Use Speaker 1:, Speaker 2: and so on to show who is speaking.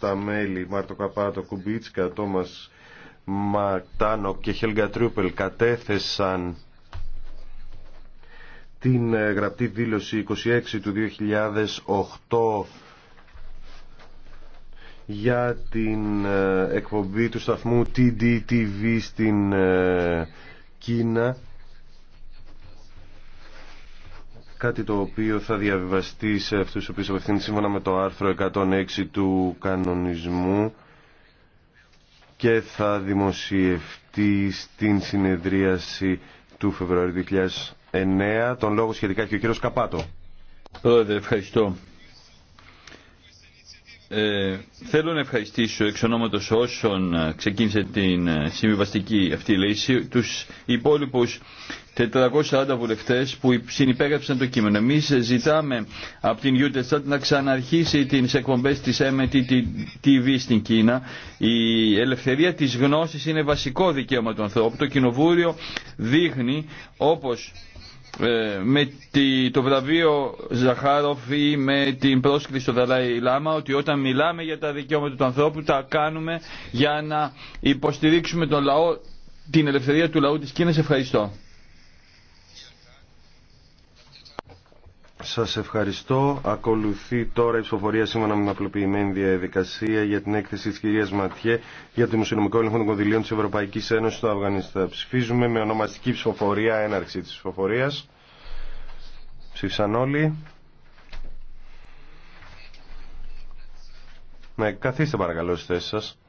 Speaker 1: τα μέλη Μάρτο Καπάτο, Κουμπίτσκα, Τόμας Μακτάνο και Χέλγκα Τριούπελ κατέθεσαν την ε, γραπτή δήλωση 26 του 2008 για την ε, εκπομπή του σταθμού TDTV στην ε, Κίνα κάτι το οποίο θα διαβιβαστεί σε αυτούς που απευθύνει σύμφωνα με το άρθρο 106 του κανονισμού και θα δημοσιευτεί στην συνεδρίαση του Φεβρουαρίου 2009. Τον λόγο σχετικά και ο κύριος Καπάτο. Πρόεδρε, ευχαριστώ. Ε,
Speaker 2: θέλω να ευχαριστήσω εξ ονόματος όσων ε, ξεκίνησε την ε, συμβιβαστική αυτή λύση τους υπόλοιπους 440 βουλευτές που συνυπέγραψαν το κείμενο. Εμείς ζητάμε από την Utah να ξαναρχίσει τις εκπομπές της MTT TV στην Κίνα. Η ελευθερία της γνώσης είναι βασικό δικαίωμα του ανθρώπου. Το Κοινοβούριο δείχνει όπως ε, με το βραβείο Ζαχάροφ ή με την πρόσκληση στο Δαλάη Λάμα ότι όταν μιλάμε για τα δικαιώματα του ανθρώπου τα κάνουμε για να υποστηρίξουμε τον λαό, την ελευθερία του λαού της Κίνας. Ευχαριστώ.
Speaker 1: Σας ευχαριστώ. Ακολουθεί τώρα η ψηφοφορία σήμερα με απλοποιημένη διαδικασία για την έκθεση της κυρίας Ματιέ για το Μουσουλμικό Έλεγχο των Κονδυλίων της Ευρωπαϊκής Ένωσης στο Αφγανιστάν. Ψηφίζουμε με ονομαστική ψηφοφορία, έναρξη της ψηφοφορίας. Ψήφισαν όλοι. Ναι, καθίστε παρακαλώ στις θέσεις σας.